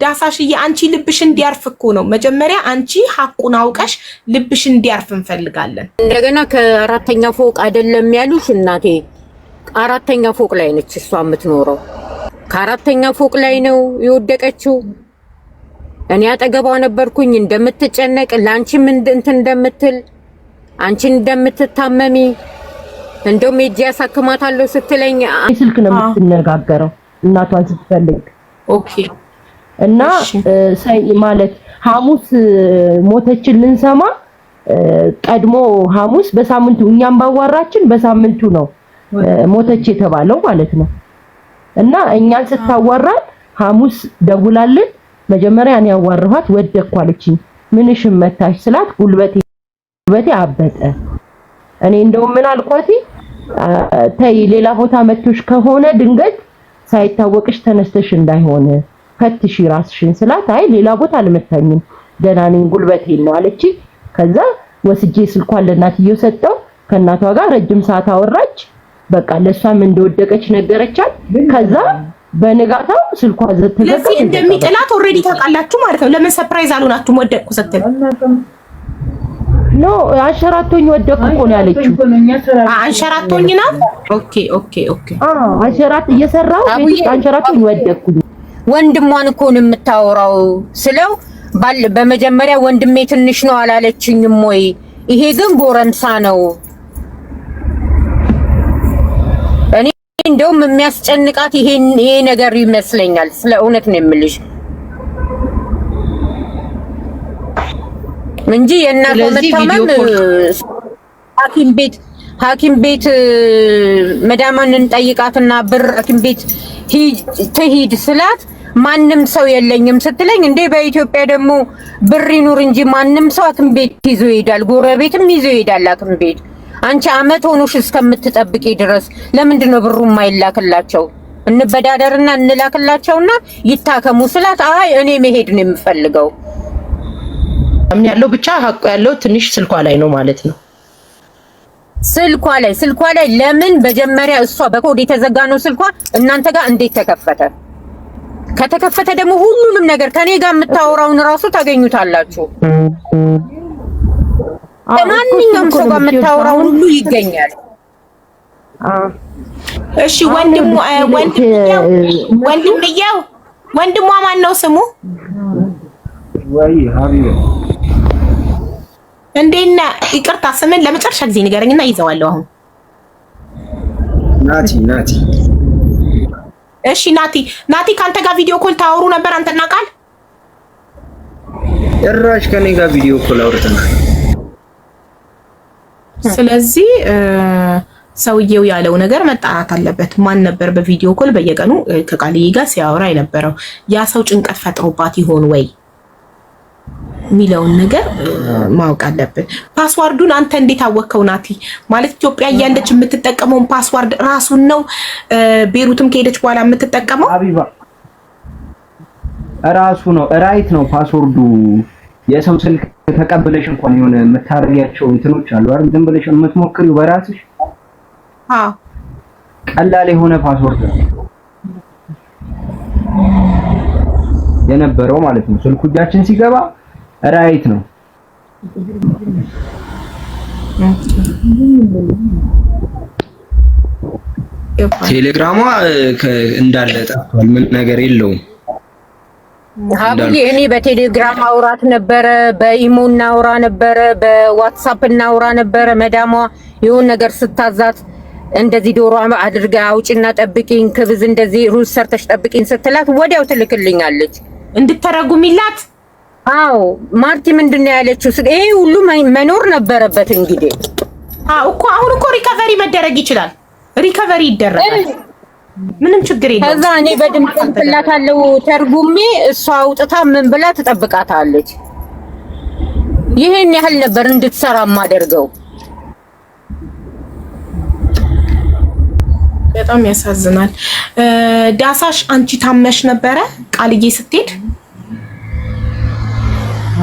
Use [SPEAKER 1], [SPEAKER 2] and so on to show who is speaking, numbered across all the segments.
[SPEAKER 1] ዳሳሽዬ አንቺ ልብሽ እንዲያርፍ እኮ ነው። መጀመሪያ አንቺ ሀቁን አውቀሽ ልብሽ እንዲያርፍ እንፈልጋለን።
[SPEAKER 2] እንደገና ከአራተኛ ፎቅ አይደለም ያሉሽ እናቴ፣ አራተኛ ፎቅ ላይ ነች እሷ የምትኖረው። ከአራተኛ ፎቅ ላይ ነው የወደቀችው። እኔ አጠገቧ ነበርኩኝ እንደምትጨነቅ ለአንቺም እንትን እንደምትል አንቺን እንደምትታመሚ እንደውም ሄጄ ያሳክማታለሁ ስትለኝ
[SPEAKER 3] ስልክ ነው የምትነጋገረው እናቷን ስትፈልግ ኦኬ እና ማለት ሐሙስ ሞተችን ልንሰማ ቀድሞ ሐሙስ በሳምንቱ እኛም ባዋራችን በሳምንቱ ነው ሞተች የተባለው ማለት ነው። እና እኛን ስታዋራን ሐሙስ ደውላልን መጀመሪያ እኔ ያዋራኋት ወደኩ አለችኝ። ምንሽን መታሽ ስላት ጉልበቴ ጉልበቴ አበጠ። እኔ እንደውም ምን አልኳት፣ ተይ ሌላ ቦታ መቶሽ ከሆነ ድንገት ሳይታወቅሽ ተነስተሽ እንዳይሆን ፈትሺ ራስሽን ስላት፣ አይ ሌላ ቦታ አልመታኝም ደህና ነኝ ጉልበቴን ነው አለች። ከዛ ወስጄ ስልኳን ለእናትየው ሰጠው። ከእናቷ ጋር ረጅም ሰዓት አወራች። በቃ ለእሷም እንደወደቀች ነገረቻት። ከዛ በንጋታው ስልኳ ዘተ
[SPEAKER 1] ለዚህ እንደሚጥላት ኦልሬዲ ታውቃላችሁ ማለት ነው። ለምን ሰርፕራይዝ አልሆናችሁም? ወደቅኩ ስትል
[SPEAKER 3] ኖ አንሸራቶኝ ወደቅኩ እኮ ነው ያለችው።
[SPEAKER 1] አንሸራቶኝ ነው። ኦኬ ኦኬ ኦኬ።
[SPEAKER 3] አዎ አንሸራት እየሰራሁ አንሸራቶኝ ወደቅኩኝ
[SPEAKER 2] ወንድሟን እኮ ነው የምታወራው ስለው በመጀመሪያ ወንድሜ ትንሽ ነው አላለችኝም ወይ? ይሄ ግን ጎረምሳ ነው። እኔ እንደውም የሚያስጨንቃት ይሄ ነገር ይመስለኛል። ስለ እውነት ነው የምልሽ እንጂ የእናቷ መታመም ሐኪም ቤት ሐኪም ቤት መዳማን ጠይቃትና ብር ሐኪም ቤት ትሂድ ስላት ማንም ሰው የለኝም ስትለኝ፣ እንዴ በኢትዮጵያ ደግሞ ብር ይኑር እንጂ ማንም ሰው ሐኪም ቤት ይዞ ይሄዳል፣ ጎረቤትም ይዞ ይሄዳል ሐኪም ቤት። አንቺ አመት ሆኖሽ እስከምትጠብቂ ድረስ ለምንድን ነው ብሩ የማይላክላቸው? እንበዳደርና እንላክላቸውና ይታከሙ ስላት፣ አይ እኔ መሄድ ነው የምፈልገው።
[SPEAKER 3] ያለው ብቻ ሀቁ ያለው ትንሽ ስልኳ ላይ ነው ማለት ነው።
[SPEAKER 2] ስልኳ ላይ ስልኳ ላይ ለምን መጀመሪያ እሷ በኮድ የተዘጋ ነው ስልኳ እናንተ ጋር እንዴት ተከፈተ? ከተከፈተ ደግሞ ሁሉንም ነገር ከኔ ጋር የምታወራውን እራሱ ታገኙታላችሁ። ከማንኛውም ሰው ጋር የምታወራው ሁሉ ይገኛል።
[SPEAKER 1] እሺ ወንድሙ ወንድምየው ወንድሟ ማን ነው ስሙ? እንዴና ይቅርታ፣ ስምን ለመጨረሻ ጊዜ ንገረኝና ይዘዋለሁ።
[SPEAKER 3] አሁን ናቲ ናቲ።
[SPEAKER 1] እሺ ናቲ ናቲ፣ ካንተ ጋር ቪዲዮ ኮል ታወሩ ነበር አንተና ቃል?
[SPEAKER 3] ጭራሽ ከኔ ጋር ቪዲዮ ኮል አውርተናል።
[SPEAKER 1] ስለዚህ ሰውየው ያለው ነገር መጣራት አለበት። ማን ነበር በቪዲዮ ኮል በየቀኑ ከቃልዬ ጋር ሲያወራ የነበረው? ያ ሰው ጭንቀት ፈጥሮባት ይሆን ወይ? የሚለውን ነገር ማወቅ አለብን። ፓስዋርዱን አንተ እንዴት አወቅከው? ናቲ ማለት ኢትዮጵያ እያለች የምትጠቀመውን ፓስዋርድ ራሱን ነው ቤሩትም ከሄደች በኋላ የምትጠቀመው
[SPEAKER 3] ራሱ ነው። ራይት ነው ፓስወርዱ። የሰው ስልክ ተቀብለሽ እንኳን የሆነ የምታደርጊያቸው እንትኖች አሉ አይደል? ዝም ብለሽ የምትሞክሪው በራስሽ ቀላል የሆነ ፓስወርድ ነው የነበረው ማለት ነው ስልኩ እጃችን ሲገባ ራይት ነው።
[SPEAKER 4] ቴሌግራሟ እንዳለ ጠፍቷል። ምን ነገር የለውም።
[SPEAKER 2] ሀብዬ እኔ በቴሌግራም አውራት ነበረ፣ በኢሞ እናውራ ነበረ፣ በዋትሳፕ እናውራ ነበረ። መዳሟ የሆን ነገር ስታዛት እንደዚህ ዶሮ አድርጋ አውጭና ጠብቂኝ፣ ክብዝ እንደዚህ ሩዝ ሰርተሽ ጠብቂኝ ስትላት ወዲያው ትልክልኛለች
[SPEAKER 1] እንድተረጉሚላት
[SPEAKER 2] አዎ ማርቲ ምንድን ነው ያለችው? ይሄ ሁሉ መኖር ነበረበት እንግዲህ።
[SPEAKER 1] አዎ እኮ አሁን እኮ ሪከቨሪ መደረግ ይችላል። ሪከቨሪ ይደረጋል። ምንም ችግር የለም።
[SPEAKER 2] ከዛ እኔ በድምፅ እንጥላታለሁ ተርጉሜ፣ እሷ አውጥታ ምን ብላ ትጠብቃታለች። ይሄን ያህል ነበር እንድትሰራ ማደርገው።
[SPEAKER 1] በጣም ያሳዝናል። ዳሳሽ አንቺ ታመሽ ነበረ ቃልዬ ስትሄድ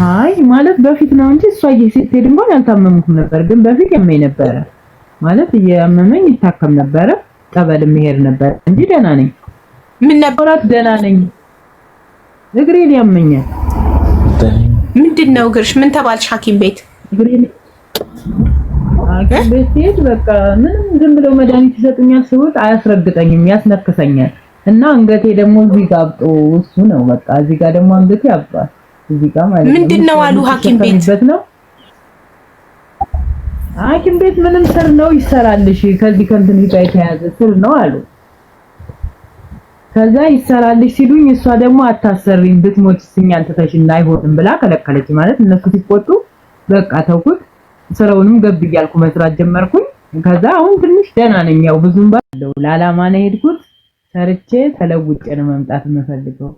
[SPEAKER 3] አይ ማለት በፊት ነው እንጂ እሷ ስትሄድ እንኳን ያልታመምኩም ነበር፣ ግን በፊት ያመኝ ነበረ ማለት እያመመኝ ይታከም ነበረ፣ ጠበል መሄድ ነበር እንጂ ደህና ነኝ።
[SPEAKER 1] ምን ነበር ደህና ነኝ።
[SPEAKER 3] እግሬን ያመኛል።
[SPEAKER 1] ምንድን ነው እግርሽ? ምን ተባልሽ ሐኪም ቤት? እግሬን
[SPEAKER 3] ሐኪም ቤት በቃ ምንም ዝም ብለው መድኃኒት ይሰጡኛል። ስውት አያስረግጠኝም፣ ያስነክሰኛል እና አንገቴ ደግሞ እዚህ ጋር አብጦ እሱ ነው በቃ እዚህ ጋር ደግሞ አንገቴ አብጧል።
[SPEAKER 1] እዚህ ጋር ማለት ነው። አሉ ሐኪም ቤት ነው
[SPEAKER 3] ሐኪም ቤት ምንም ስር ነው ይሰራልሽ፣ ከዚህ ከእንትን ጋር የተያዘ ስር ነው አሉ። ከዛ ይሰራልሽ ሲሉኝ እሷ ደግሞ አታሰሪም ብትሞች ስኛል ትተሽና አይሆንም ብላ ከለከለች። ማለት እነሱ ሲቆጡ በቃ ተውኩት፣ ስራውንም ገብ እያልኩ መስራት ጀመርኩኝ። ከዛ አሁን ትንሽ ደህና ነኝ። ያው ብዙም ባለው ለዓላማ ነው የሄድኩት። ሰርቼ ተለውጬ ነው መምጣት የምፈልገው።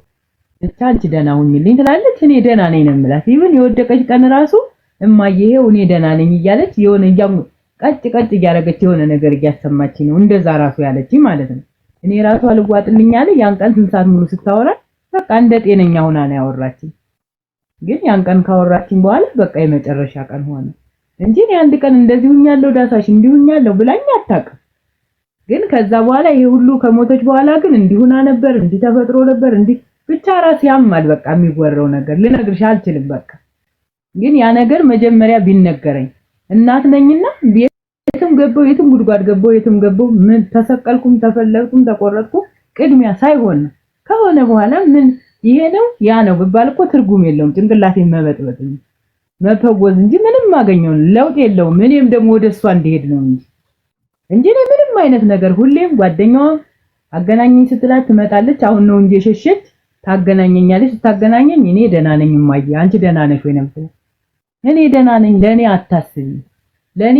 [SPEAKER 3] ብቻ አንቺ ደህና ሁኝልኝ ትላለች። እኔ ደህና ነኝ ነው የምላት። ይምን የወደቀች ቀን ራሱ እማዬ ይሄው እኔ ደህና ነኝ እያለች የሆነ ቀጭ ቀጭ እያደረገች የሆነ ነገር እያሰማች ነው እንደዛ ራሱ ያለች ማለት ነው። እኔ ራሱ አልዋጥልኝ አለ። ያን ቀን ስንት ሰዓት ሙሉ ስታወራ በቃ እንደ ጤነኛ ሆና ነው ያወራችኝ። ግን ያን ቀን ካወራችኝ በኋላ በቃ የመጨረሻ ቀን ሆነ እንጂ እኔ አንድ ቀን እንደዚህ ሁኛለሁ ዳሳሽ እንዲህ ሁኛለሁ ብላኝ አታውቅም። ግን ከዛ በኋላ ይሄ ሁሉ ከሞተች በኋላ ግን እንዲሁና ነበር እንዲህ ተፈጥሮ ነበር እንዲህ ብቻ ራስ ያማል። በቃ የሚወራው ነገር ልነግርሽ አልችልም። በቃ ግን ያ ነገር መጀመሪያ ቢነገረኝ እናት ነኝና የትም ገባው የትም ጉድጓድ ገባው የትም ገባው ምን ተሰቀልኩም፣ ተፈለጥኩም፣ ተቆረጥኩም ቅድሚያ ሳይሆን ነው ከሆነ በኋላ ምን ይሄ ነው ያ ነው ብባል እኮ ትርጉም የለውም። ጭንቅላቴ መበጥበጥ መፈወዝ እንጂ ምንም ማገኘው ለውጥ የለውም። እኔም ደግሞ ወደ እሷ እንዲሄድ ነው እንጂ እንጂ ምንም አይነት ነገር ሁሌም ጓደኛዋ አገናኘኝ ስትላት ትመጣለች። አሁን ነው እንጂ የሸሸች ታገናኘኛለች። ስታገናኘኝ እኔ ደህና ነኝ እማዬ፣ አንቺ ደህና ነሽ ወይ ነው እኔ ደህና ነኝ፣ ለእኔ አታስቢ፣ ለእኔ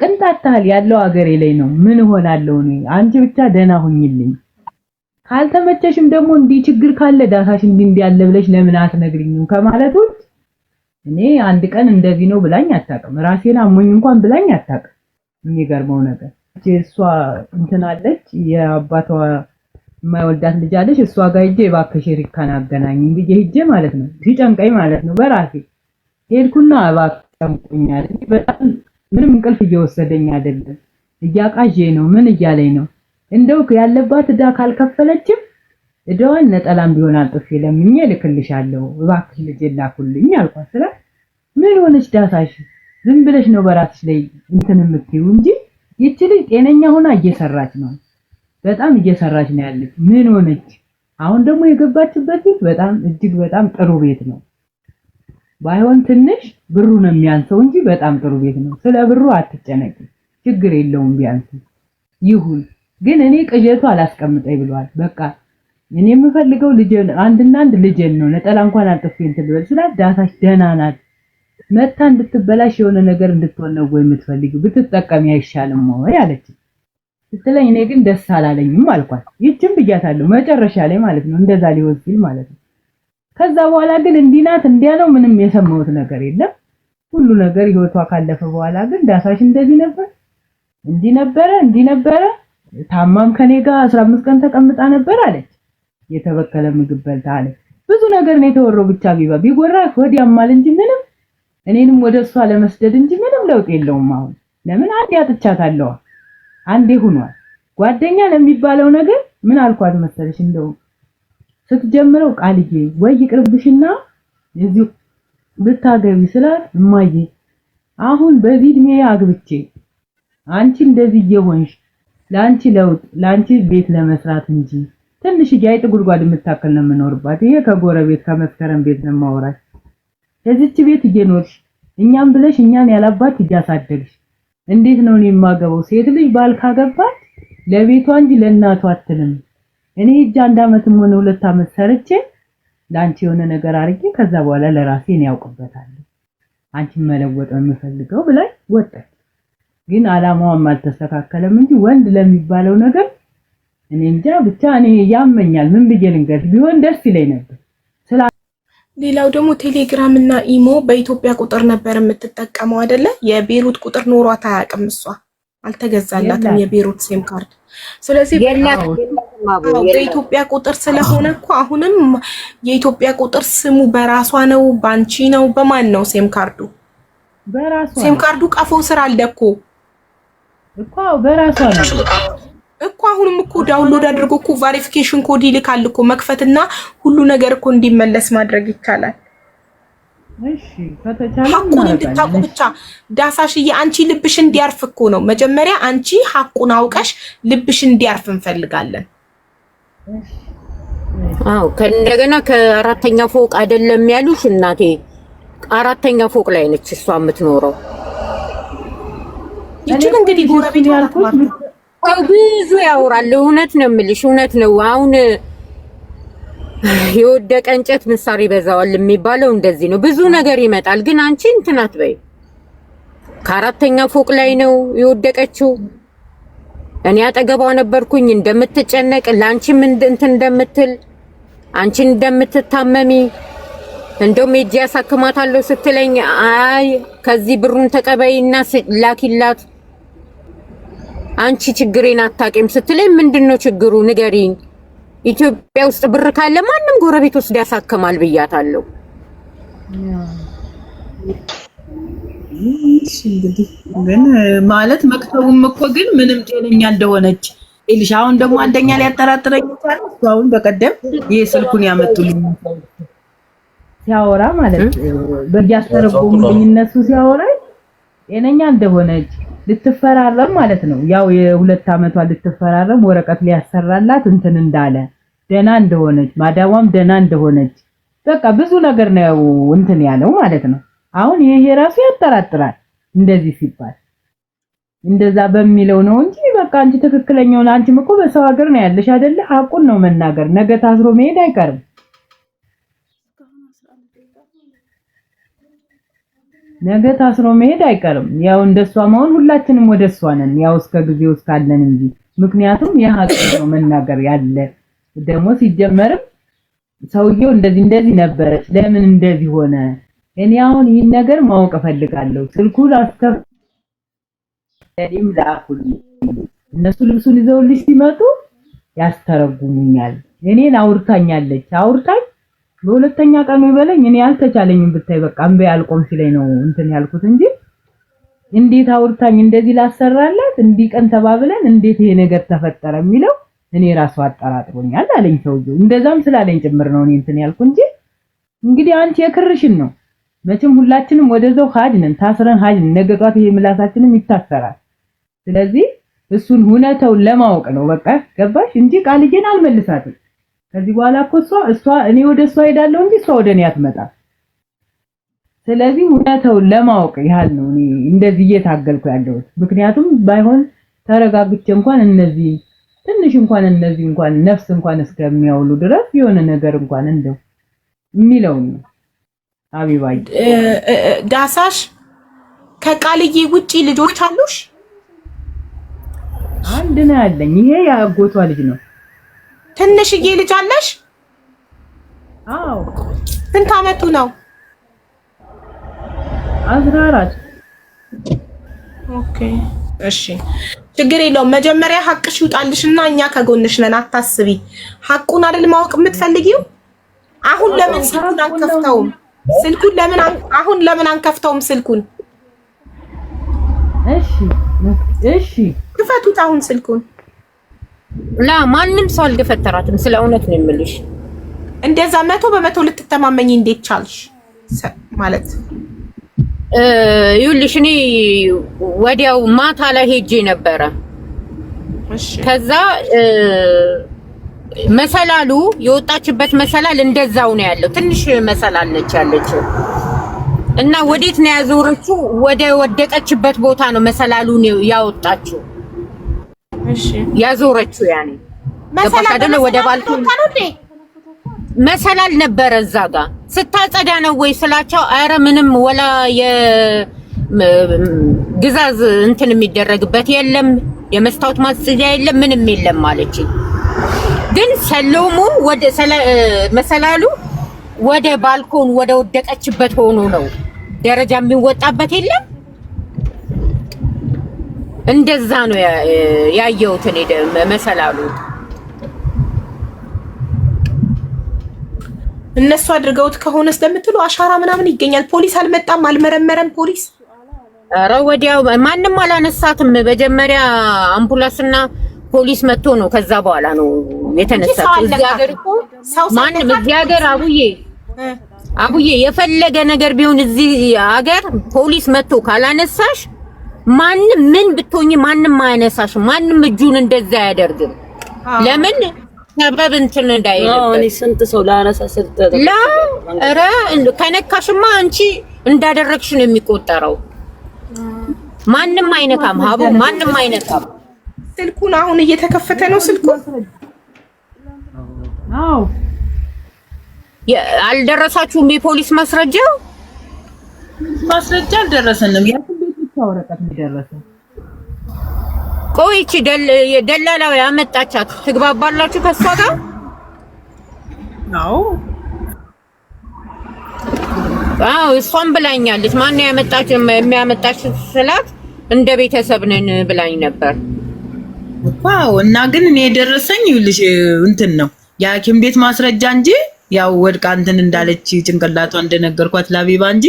[SPEAKER 3] ቅንጣት ታህል ያለው አገሬ ላይ ነው። ምን እሆናለሁ እኔ? አንቺ ብቻ ደህና ሁኝልኝ። ካልተመቸሽም ደግሞ እንዲህ ችግር ካለ ዳታሽ እንዲህ እንዲህ ያለ ብለሽ ለምን አትነግሪኝም ከማለት ውጭ እኔ አንድ ቀን እንደዚህ ነው ብላኝ አታውቅም። ራሴን አሞኝ እንኳን ብላኝ አታውቅም። የሚገርመው ነገር እሷ እንትን አለች የአባቷ የማይወዳት ልጅ አለሽ፣ እሷ ጋር ሂጄ እባክሽ ሪካን አገናኝም ብዬ ሂጄ ማለት ነው ሲጨንቀኝ ማለት ነው በራሴ ሄድኩና እባክሽ ጨንቆኛል፣ በጣም ምንም እንቅልፍ እየወሰደኝ አይደለም፣ እያቃዤ ነው፣ ምን እያለኝ ነው እንደው ያለባት ዕዳ ካልከፈለችም ዕዳዋን ነጠላም ቢሆን አልጥፌ ለምኜ እልክልሻለሁ እባክሽ ልጅ ላኩልኝ አልኳት። ስለ ምን ሆነች ዳታሽ ዝም ብለሽ ነው በራስሽ ላይ እንትን የምትይው እንጂ ይቺ ልጅ ጤነኛ ሆና እየሰራች ነው። በጣም እየሰራች ነው ያለች። ምን ሆነች? አሁን ደግሞ የገባችበት ቤት በጣም እጅግ በጣም ጥሩ ቤት ነው። ባይሆን ትንሽ ብሩ ነው የሚያንሰው እንጂ በጣም ጥሩ ቤት ነው። ስለ ብሩ አትጨነቂ፣ ችግር የለውም። ቢያንስ ይሁን። ግን እኔ ቅዠቱ አላስቀምጠኝ ብለዋል። በቃ እኔ የምፈልገው ልጄን አንድና አንድ ልጄን ነው። ነጠላ እንኳን አጥፌ እንትን ልበል ስላት ዳታሽ ደህና ናት መታ እንድትበላሽ የሆነ ነገር እንድትሆን ነው ወይ የምትፈልጊው? ብትጠቀሚ አይሻልም ወይ አለች። ስትለኝ እኔ ግን ደስ አላለኝም አልኳት። ይችም ብያታለሁ መጨረሻ ላይ ማለት ነው፣ እንደዛ ሊሆን ሲል ማለት ነው። ከዛ በኋላ ግን እንዲናት እንዲያ ነው ምንም የሰማሁት ነገር የለም። ሁሉ ነገር ህይወቷ ካለፈ በኋላ ግን ዳሳሽ እንደዚህ ነበር፣ እንዲህ ነበረ፣ እንዲህ ነበረ፣ ታማም ከኔ ጋር 15 ቀን ተቀምጣ ነበር አለች። የተበከለ ምግብ በልታ አለች። ብዙ ነገር ነው የተወረው። ብቻ ቢባ ቢጎራ ወዲያማል እንጂ ምንም እኔንም ወደ እሷ ለመስደድ እንጂ ምንም ለውጥ የለውም። አሁን ለምን አንድ ያጥቻታለዋ አንዴ ሆኗል። ጓደኛ ለሚባለው ነገር ምን አልኳት መሰለሽ? እንደው ስትጀምረው ቃልዬ ወይ ይቅርብሽና እዚሁ ብታገቢ ስላት እማዬ አሁን በዚህ እድሜ አግብቼ አንቺ እንደዚህ እየሆንሽ ለአንቺ ለውጥ ለአንቺ ቤት ለመስራት እንጂ ትንሽ አይጥ ጉድጓድ የምታክል ነው የምኖርባት። ይሄ ከጎረቤት ከመስከረም ቤት ነው የማወራሽ። የዚች ቤት እየኖርሽ እኛም ብለሽ እኛን ያላባት እያሳደግሽ እንዴት ነው እኔ የማገባው? ሴት ልጅ ባል ካገባት ለቤቷ እንጂ ለእናቷ አትልም። እኔ እጅ አንድ አመትም ሆነ ሁለት አመት ሰርቼ ለአንቺ የሆነ ነገር አድርጌ ከዛ በኋላ ለራሴ ነው ያውቅበታለሁ አንቺን መለወጥ የምፈልገው ብላይ ወጣች። ግን አላማዋም አልተስተካከለም እንጂ ወንድ ለሚባለው ነገር እኔ እንጃ ብቻ እኔ ያመኛል። ምን ብዬ ልንገርሽ? ቢሆን ደስ ይለኝ ነበር።
[SPEAKER 1] ሌላው ደግሞ ቴሌግራም እና ኢሞ በኢትዮጵያ ቁጥር ነበር የምትጠቀመው አይደለ? የቤሩት ቁጥር ኖሯት አያውቅም። እሷ አልተገዛላትም የቤሩት ሴም ካርድ። ስለዚህ በኢትዮጵያ ቁጥር ስለሆነ እኮ አሁንም የኢትዮጵያ ቁጥር ስሙ በራሷ ነው፣ ባንቺ ነው፣ በማን ነው ሴም ካርዱ? ሴም ካርዱ ቀፎ ስራ አለ እኮ
[SPEAKER 3] እኮ በራሷ ነው
[SPEAKER 1] እኮ አሁንም እኮ ዳውንሎድ አድርጎ እኮ ቫሪፊኬሽን ኮድ ይልካል እኮ መክፈትና ሁሉ ነገር እኮ እንዲመለስ ማድረግ ይቻላል። ሀቁን እንድታውቁ ብቻ ዳሳሽዬ፣ አንቺ ልብሽ እንዲያርፍ እኮ ነው መጀመሪያ። አንቺ ሀቁን አውቀሽ ልብሽ እንዲያርፍ እንፈልጋለን።
[SPEAKER 2] አዎ ከእንደገና ከአራተኛ ፎቅ አይደለም ያሉሽ እናቴ፣ አራተኛ ፎቅ ላይ ነች እሷ የምትኖረው።
[SPEAKER 1] ይችን እንግዲህ ጎረቤት ያልኩት
[SPEAKER 2] ብዙ ያወራል። እውነት ነው የምልሽ፣ እውነት ነው። አሁን የወደቀ እንጨት ምሳር ይበዛዋል የሚባለው እንደዚህ ነው። ብዙ ነገር ይመጣል። ግን አንቺ እንትን አትበይ። ከአራተኛ ፎቅ ላይ ነው የወደቀችው። እኔ አጠገቧ ነበርኩኝ። እንደምትጨነቅ ለአንቺም እንትን እንደምትል አንቺን እንደምትታመሚ እንደውም ሄጄ ያሳክማታለሁ ስትለኝ አይ ከዚህ ብሩን ተቀበይና ላኪላት አንቺ ችግሬን አታውቂም ስትለኝ ምንድነው ችግሩ ንገሪኝ። ኢትዮጵያ ውስጥ ብር ካለ ማንም ጎረቤት ወስዶ ያሳክማል ብያታለሁ።
[SPEAKER 1] ማለት መክተቡም እኮ ግን ምንም ጤነኛ እንደሆነች ልሽ አሁን ደግሞ አንደኛ ላይ ያጠራጥረኝ አሁን በቀደም ይሄ ስልኩን ያመጡልኝ
[SPEAKER 3] ሲያወራ ማለት በያስተረጎሙልኝ እነሱ ሲያወራኝ ጤነኛ እንደሆነች ልትፈራረም ማለት ነው። ያው የሁለት ዓመቷ ልትፈራረም ወረቀት ሊያሰራላት እንትን እንዳለ ደና እንደሆነች ማዳሟም ደና እንደሆነች በቃ ብዙ ነገር ነው እንትን ያለው ማለት ነው። አሁን ይሄ ራሱ ያጠራጥራል እንደዚህ ሲባል እንደዛ በሚለው ነው እንጂ በቃ አንቺ ትክክለኛውን አንቺም እኮ በሰው ሀገር ነው ያለሽ አይደለ? አቁን ነው መናገር። ነገ ታስሮ መሄድ አይቀርም። ነገ ታስሮ መሄድ አይቀርም። ያው እንደሷ መሆን ሁላችንም ወደ እሷ ነን፣ ያው እስከ ጊዜው እስካለን እንጂ ምክንያቱም ያ ነው መናገር ያለ ደግሞ ሲጀመርም ሰውየው እንደዚህ እንደዚህ ነበረች፣ ለምን እንደዚህ ሆነ? እኔ አሁን ይህን ነገር ማወቅ እፈልጋለሁ። ስልኩን አስከፍ እኔም እነሱ ልብሱን ይዘውልሽ ሲመጡ ያስተረጉሙኛል። እኔን አውርታኛለች አውርታኝ በሁለተኛ ቀኑ ይበለኝ እኔ አልተቻለኝም። ብታይ በቃ እምቢ አልቆም ሲለኝ ነው እንትን ያልኩት እንጂ እንዴት አውርታኝ እንደዚህ ላሰራላት እንዲህ ቀን ተባብለን እንዴት ይሄ ነገር ተፈጠረ የሚለው እኔ ራሱ አጠራጥሮኛል አለኝ ሰውዬው። እንደዛም ስላለኝ ጭምር ነው እኔ እንትን ያልኩ እንጂ እንግዲህ አንቺ የክርሽን ነው መቼም ሁላችንም ወደዛው ሀጅ ነን፣ ታስረን ሀጅ ነን። ነገ ጧት ይሄ ምላሳችንም ይታሰራል። ስለዚህ እሱን ሁነተውን ለማወቅ ነው በቃ ገባሽ? እንጂ ቃልዬን አልመልሳትም። ከዚህ በኋላ እኮ እሷ እሷ እኔ ወደ እሷ ሄዳለሁ እንጂ እሷ ወደ እኔ አትመጣም። ስለዚህ እውነታውን ለማወቅ ያህል ነው እኔ እንደዚህ እየታገልኩ ያለሁት። ምክንያቱም ባይሆን ተረጋግቼ እንኳን እነዚህ ትንሽ እንኳን እነዚህ እንኳን ነፍስ እንኳን እስከሚያውሉ ድረስ የሆነ ነገር እንኳን እንደው የሚለው ነው። አቢባይ
[SPEAKER 1] ዳሳሽ ከቃልዬ ውጪ ልጆች አሉሽ?
[SPEAKER 3] አንድ ነው ያለኝ። ይሄ የአጎቷ ልጅ ነው።
[SPEAKER 1] ትንሽዬ ልጅ አለሽ? አዎ። ስንት አመቱ ነው? አስራ አራት ኦኬ። እሺ ችግር የለውም። መጀመሪያ ሀቅሽ ይውጣልሽና እኛ ከጎንሽ ነን፣ አታስቢ። ሀቁን አይደል ማወቅ የምትፈልጊው? አሁን ለምን ስልኩን አንከፍተውም? ስልኩን ለምን አሁን ለምን አንከፍተውም? ስልኩን
[SPEAKER 3] እሺ፣ እሺ፣
[SPEAKER 1] ክፈቱት አሁን ስልኩን
[SPEAKER 2] ላ ማንም ሰው አልገፈተራትም። ስለ እውነት ነው የምልሽ።
[SPEAKER 1] እንደዛ መቶ በመቶ ልትተማመኝ እንዴት ቻልሽ? ማለት
[SPEAKER 2] ይኸውልሽ እኔ ወዲያው ማታ ላይ ሄጄ ነበረ። ከዛ መሰላሉ የወጣችበት መሰላል እንደዛው ነው ያለው። ትንሽ መሰላል ነች ያለችው እና ወዴት ነው ያዞረችው? ወደ ወደቀችበት ቦታ ነው መሰላሉን ያወጣችው። ያዞረችው ያኔ ገባሽ ወደ ባልኮን መሰላል ነበረ እዛ ጋር ስታጸዳ ነው ወይ ስላቸው፣ አረ ምንም ወላ የግዛዝ እንትን የሚደረግበት የለም የመስታወት ማጽጃ የለም ምንም የለም አለችኝ። ግን ሰሎሙ ወደ መሰላሉ ወደ ባልኮን ወደ ወደቀችበት ሆኖ ነው ደረጃ የሚወጣበት የለም እንደዛ ነው ያየሁት እኔ መሰላሉ
[SPEAKER 1] እነሱ አድርገውት ከሆነ ስለምትሉ አሻራ ምናምን ይገኛል። ፖሊስ አልመጣም፣ አልመረመረም ፖሊስ።
[SPEAKER 2] ኧረ ወዲያው ማንም አላነሳትም። መጀመሪያ አምቡላንስና ፖሊስ መጥቶ ነው ከዛ በኋላ ነው የተነሳት። ማንም እዚህ ሀገር አቡዬ አቡዬ የፈለገ ነገር ቢሆን እዚህ ሀገር ፖሊስ መጥቶ ካላነሳሽ ማንም ምን ብትሆኝ ማንም አያነሳሽም። ማንም እጁን እንደዛ አያደርግም። ለምን ሰበብ እንትን እንዳይሄድ
[SPEAKER 3] ስንት ሰው ላነሳ
[SPEAKER 2] ላ ኧረ ከነካሽማ አንቺ እንዳደረግሽ ነው የሚቆጠረው። ማንም አይነካም ሀቡ፣ ማንም አይነካም።
[SPEAKER 1] ስልኩን አሁን እየተከፈተ ነው ስልኩ አልደረሳችሁም? የፖሊስ ማስረጃ
[SPEAKER 3] ማስረጃ አልደረሰንም። ያ ወረቀት የደረሰው?
[SPEAKER 1] ቆይቺ ደላላው ያመጣቻት ትግባባላችሁ ከሷ ጋር?
[SPEAKER 3] አዎ
[SPEAKER 2] አዎ፣ እሷም ብላኛለች። ማን ያመጣች የሚያመጣች ስላት እንደ ቤተሰብ ነን ብላኝ ነበር።
[SPEAKER 1] ዋው እና ግን እኔ የደረሰኝ ይኸውልሽ እንትን ነው የሐኪም ቤት ማስረጃ እንጂ ያው ወድቃ እንትን እንዳለች ጭንቅላቷ እንደነገርኳት ላቢባ እንጂ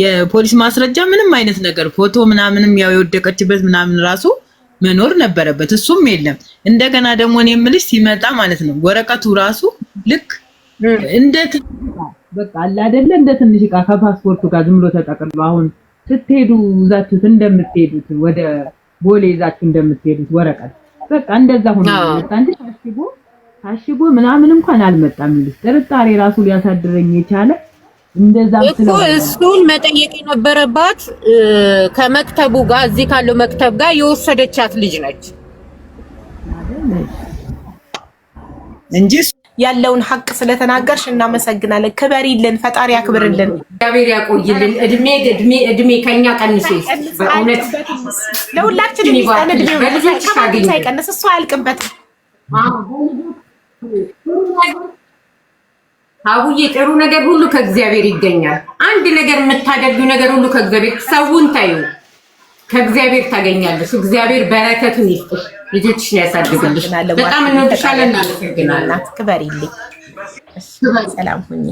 [SPEAKER 1] የፖሊስ ማስረጃ ምንም አይነት ነገር ፎቶ ምናምንም ያው የወደቀችበት ምናምን ራሱ መኖር ነበረበት። እሱም የለም። እንደገና ደግሞ እኔ የምልሽ ሲመጣ ማለት ነው ወረቀቱ ራሱ ልክ
[SPEAKER 3] እንደ በቃ አለ አይደለ እንደ ትንሽ ዕቃ ከፓስፖርቱ ጋር ዝም ብሎ ተጠቅልሎ አሁን ስትሄዱ ዛችሁት እንደምትሄዱት ወደ ቦሌ እዛችሁ እንደምትሄዱት ወረቀት በቃ እንደዛ ሆኖ መጣ ታሽጎ ታሽጎ ምናምን እንኳን አልመጣም። ይልሽ ጥርጣሬ ራሱ ሊያሳድረኝ የቻለ
[SPEAKER 2] እንደዛ እኮ እሱን መጠየቅ የነበረባት ከመክተቡ ጋር እዚህ ካለው መክተብ ጋር የወሰደቻት ልጅ ነች
[SPEAKER 1] እንጂ ያለውን ሀቅ ስለተናገርሽ እናመሰግናለን። ክበሪልን፣ ፈጣሪ አክብርልን፣
[SPEAKER 2] እግዚአብሔር ያቆይልን። እድሜ እድሜ እድሜ ከኛ ቀንሶ በእውነት
[SPEAKER 1] ለሁላችንም ይስጠን። እድሜ ከልጆች ሳይቀንስ እሱ አያልቅበትም።
[SPEAKER 2] አቡዬ ጥሩ ነገር ሁሉ ከእግዚአብሔር ይገኛል። አንድ ነገር የምታደርጊው ነገር ሁሉ ከእግዚአብሔር ሰውን ታዩ ከእግዚአብሔር ታገኛለሽ። እግዚአብሔር በረከቱን ይስጥሽ፣ ልጆችሽን ያሳድግልሽ። በጣም እንወድሻለን። እናመሰግናለን። ክበሪልኝ። ሰላም ሁኚ።